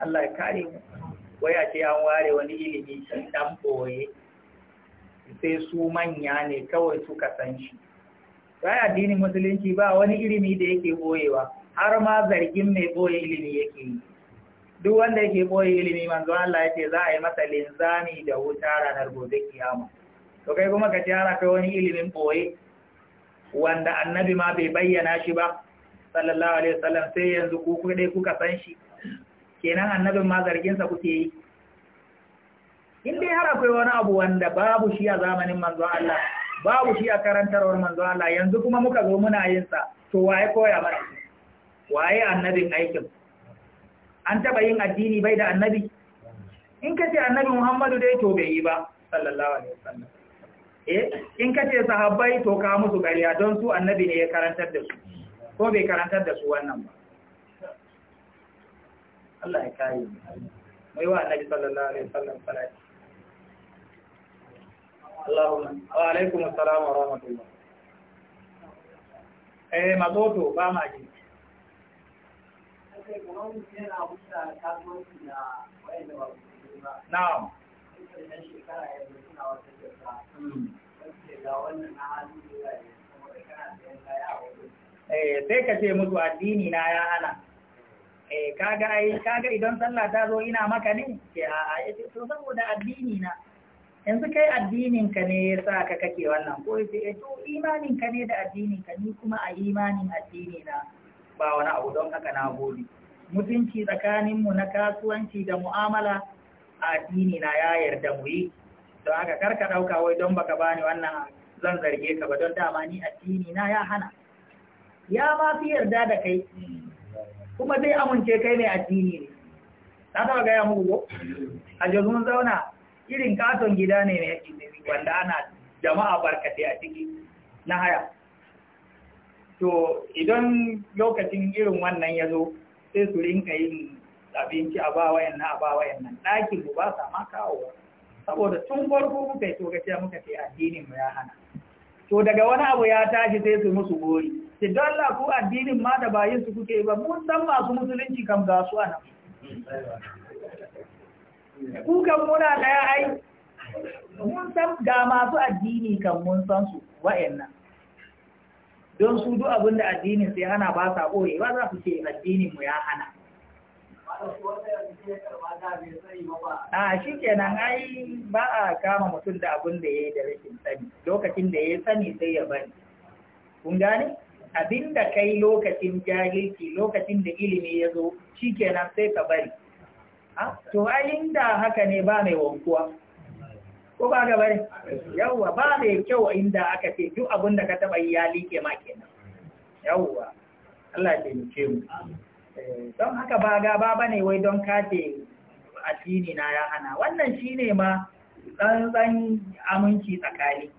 Allah ya kare mu waya ce an ware wani ilimi shi dan boye sai su manya ne kawai suka san shi bai addinin musulunci ba wani ilimi da yake boyewa har ma zargin mai boye ilimi yake yi duk wanda yake boye ilimi manzo Allah ya ce za a yi masa linzami da wuta ranar gobe kiyama to kai kuma ka tara kai wani ilimin boye wanda annabi ma bai bayyana shi ba sallallahu alaihi wasallam sai yanzu ku dai kuka san shi kenan annabin ma zarginsa kuke yi in dai har akwai wani abu wanda babu shi a zamanin manzon Allah babu shi a karantarwar manzon Allah yanzu kuma muka zo muna yin sa to waye koya mana waye annabin aikin an taba yin addini bai da annabi in ka ce annabi Muhammadu dai to bai yi ba sallallahu alaihi wasallam eh in kace sahabbai to ka musu ƙarya don su annabi ne ya karantar da su ko bai karantar da su wannan ba Allah ya kai mai wa annabi sallallahu alaihi wasallam salati Allahumma wa alaikum assalam wa rahmatullah eh mazoto ba ma ji na'am Eh, sai ka ce musu addini na ya hana eh kaga ai kaga idan sallah ta zo ina maka ne ke a a to saboda addini na yanzu kai addinin ka ne yasa ka kake wannan ko sai eh, to imanin ka ne da addinin ka ni kuma a imanin addini na ba wani abu don haka na gode mutunci mu na kasuwanci da mu'amala addini na ya yarda mu yi to haka karka ɗauka wai don baka bani wannan zan zarge ka ba don dama ni addini na ya hana ya ma fi yarda da kai kuma zai amince kai mai addini ne na taɓa gaya muku ko a mun zauna irin katon gida ne ne wanda ana jama'a barkate a ciki na haya to idan lokacin irin wannan ya zo sai su rinka yin abinci a ba wayan a ba wayan nan ba sa ma saboda tun farko muka yi togaciya muka ce addinin mu ya hana to daga wani abu ya tashi sai su musu gori sai don Allah addinin ma da bayin su kuke ba mun san masu musulunci kam ga su anan ku kan muna daya ai mun san ga masu addini kan mun san su wa'annan don su duk abin da addinin sai hana ba sa ɓoye ba za su ce addinin mu ya hana a shi kenan ai ba a kama mutum da abin da ya yi da rashin sani lokacin da ya sani sai ya bari. kun gane abin da kai lokacin jahilci lokacin da ilimi ya zo shi kenan sai ka bari to ayin da haka ne ba mai wankuwa ko ba ga bari yawwa ba mai kyau inda aka ce duk abin da ka taba yi ya like ma kenan yawwa Allah ya taimake mu Eh, don haka ba gaba ba ne wai don kace addini na ya hana wannan shine ma tsantsan aminci tsakani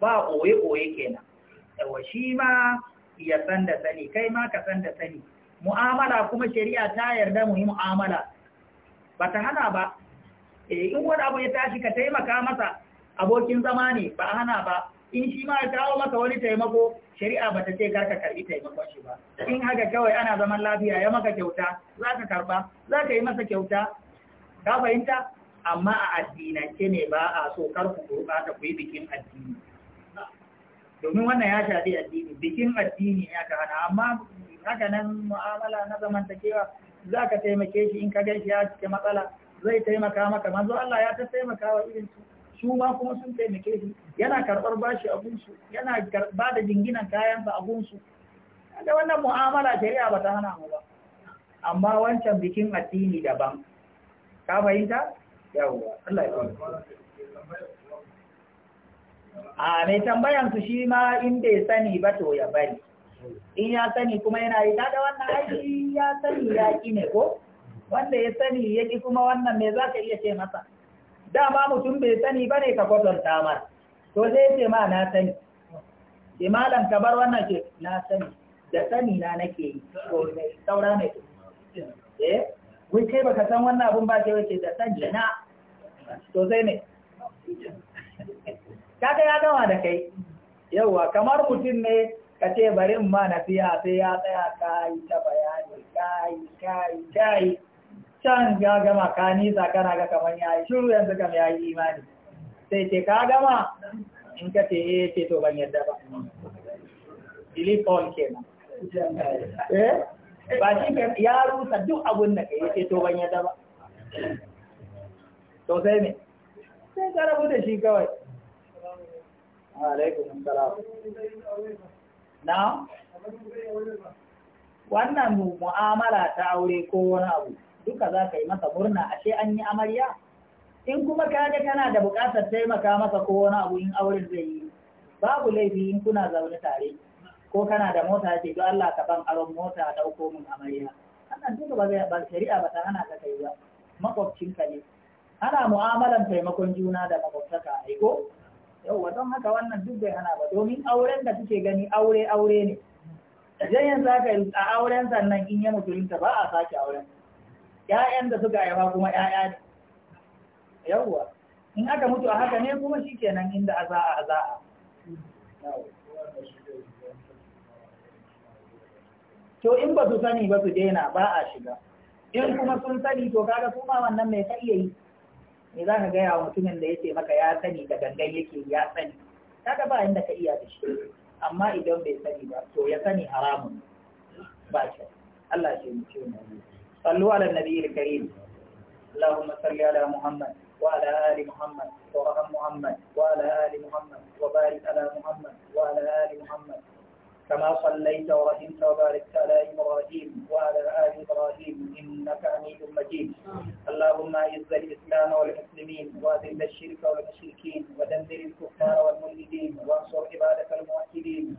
ba oye-oye kenan yawa shi ma ya san da sani kai ma ka san da sani mu'amala kuma shari'a ta yarda mu yi mu'amala ba ta hana ba eh, in wani abu ya tashi ka taimaka masa abokin zama ne ba hana ba in shi ma ya kawo maka wani taimako shari'a ba ta ce kar ka karbi taimakon shi ba in haka kawai ana zaman lafiya ya maka kyauta za ka karba za ka yi masa kyauta ka fahimta amma a addinance ne ba a so kar ku ta ku yi bikin addini domin wannan ya shafi addini bikin addini ya ka hana amma haka nan mu'amala na zamantakewa za ka taimake shi in ka gan shi ya cike matsala zai taimaka maka manzo Allah ya ta taimaka wa irin su su ma kuma sun taimake shi yana karɓar bashi a gunsu yana ba da jinginan kayansa a gunsu da wannan mu'amala shari'a ba ta hana mu ba amma wancan bikin addini daban ka fahimta yawwa Allah ya a ah, mai tambayan su shi ma in bai sani ba to ya bari in ya sani kuma yana yi da wannan aiki ya sani ya ki ne ko wanda ya sani ya ki kuma wannan me za ka iya ce masa dama mutum bai sani ba ne ka kwatanta mar to zai ce ma na sani ce malam ka bar wannan ce na sani da sani na nake yi Ko to saura mai eh wai kai baka san wannan abun ba sai wace da sani na to sai ne [laughs] kaga ya gama da kai yauwa kamar mutum ne ka ce bari in ma na fiya sai ya tsaya kayi ta bayani kayi kayi kayi can ya gama ka nisa kana ga kamar ya yi shiru yanzu kam ya yi imani sai ce ka gama in ka ce eh ce to ban yadda ba delete all kenan eh? ba shi ya rusa duk abun da yi ce to ban yadda ba to sai me sai ka rabu da shi kawai alaikum salam na wannan mu'amala ta aure ko wani abu duka za ka yi masa murna ashe an yi amarya in kuma ka ga kana da buƙatar taimaka masa ko wani abu in auren zai yi babu laifi in kuna zaune tare ko kana da mota ce to Allah ka ban aron mota da uku mun amarya wannan duka ba ba shari'a ba ta hana ka kai ba makwabcinka ne ana mu'amalan taimakon juna da makwabtaka ai ko yauwa don haka wannan duk bai hana ba domin auren da kuke gani aure aure ne idan yanzu aka a auren sannan in ya mutunta ba a sake auren ‘ya'yan da suka haifa kuma ‘ya'ya ne yawwa in aka mutu a haka ne kuma shi kenan inda a za'a a za'a to in ba su sani ba su daina ba a shiga in kuma sun sani to kaga su ma wannan mai ka iya yi me za ka gaya wa mutumin da yake maka ya sani da gangan yake ya sani kaga ba inda ka iya da shi amma idan bai sani ba to ya sani haramun ba shi Allah shi mutum ne صلوا على النبي الكريم اللهم صل على محمد وعلى آل محمد وعلى محمد وعلى آل محمد وبارك على محمد وعلى آل محمد كما صليت ورحمت وباركت على إبراهيم وعلى آل إبراهيم إنك حميد مجيد اللهم أعز الإسلام والمسلمين وأذل الشرك والمشركين ودمر الكفار والملحدين وانصر عبادك الموحدين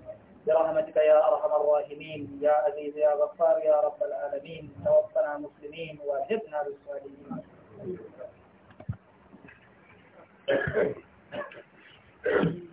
برحمتك يا أرحم الراحمين يا عزيز يا غفار يا رب العالمين توفنا مسلمين واهبنا بالصالحين Thank [laughs] you.